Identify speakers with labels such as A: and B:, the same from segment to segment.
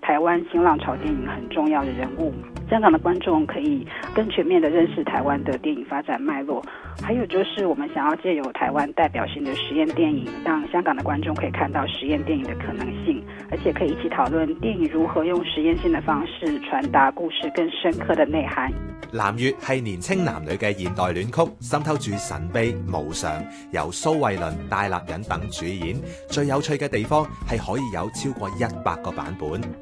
A: 台灣新浪潮電影很重要的人物，香港的觀眾可以更全面地認識台灣的電影發展脈絡。還有就是，我們想要借由台灣代表性的實驗電影，讓香港的觀眾可以看到實驗電影的可能性，而且可以一起討論電影如何用實驗性的方式傳達故事更深刻的內涵。
B: 《藍月》係年輕男女嘅現代戀曲，滲透住神秘、無常，由蘇慧倫、戴立忍等主演。最有趣嘅地方係可以有超過一百個版本。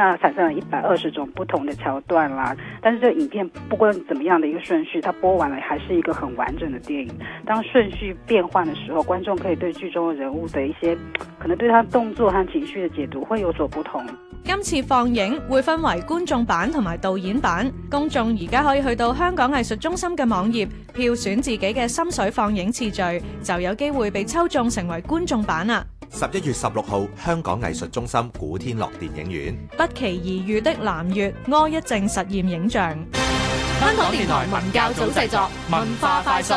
A: 那產生了一百二十種不同的橋段啦，但是這個影片不管怎麼樣的一個順序，它播完了還是一個很完整的電影。當順序變換的時候，觀眾可以對劇中的人物的一些可能對他動作和情緒的解讀會有所不同。
C: 今次放映會分為觀眾版同埋導演版，公眾而家可以去到香港藝術中心嘅網頁，票選自己嘅心水放映次序，就有機會被抽中成為觀眾版啊！
B: 十一月十六號，香港藝術中心古天樂電影院，
C: 不期而遇的南越柯一正實驗影像。香港電台文教組製作，文化快訊。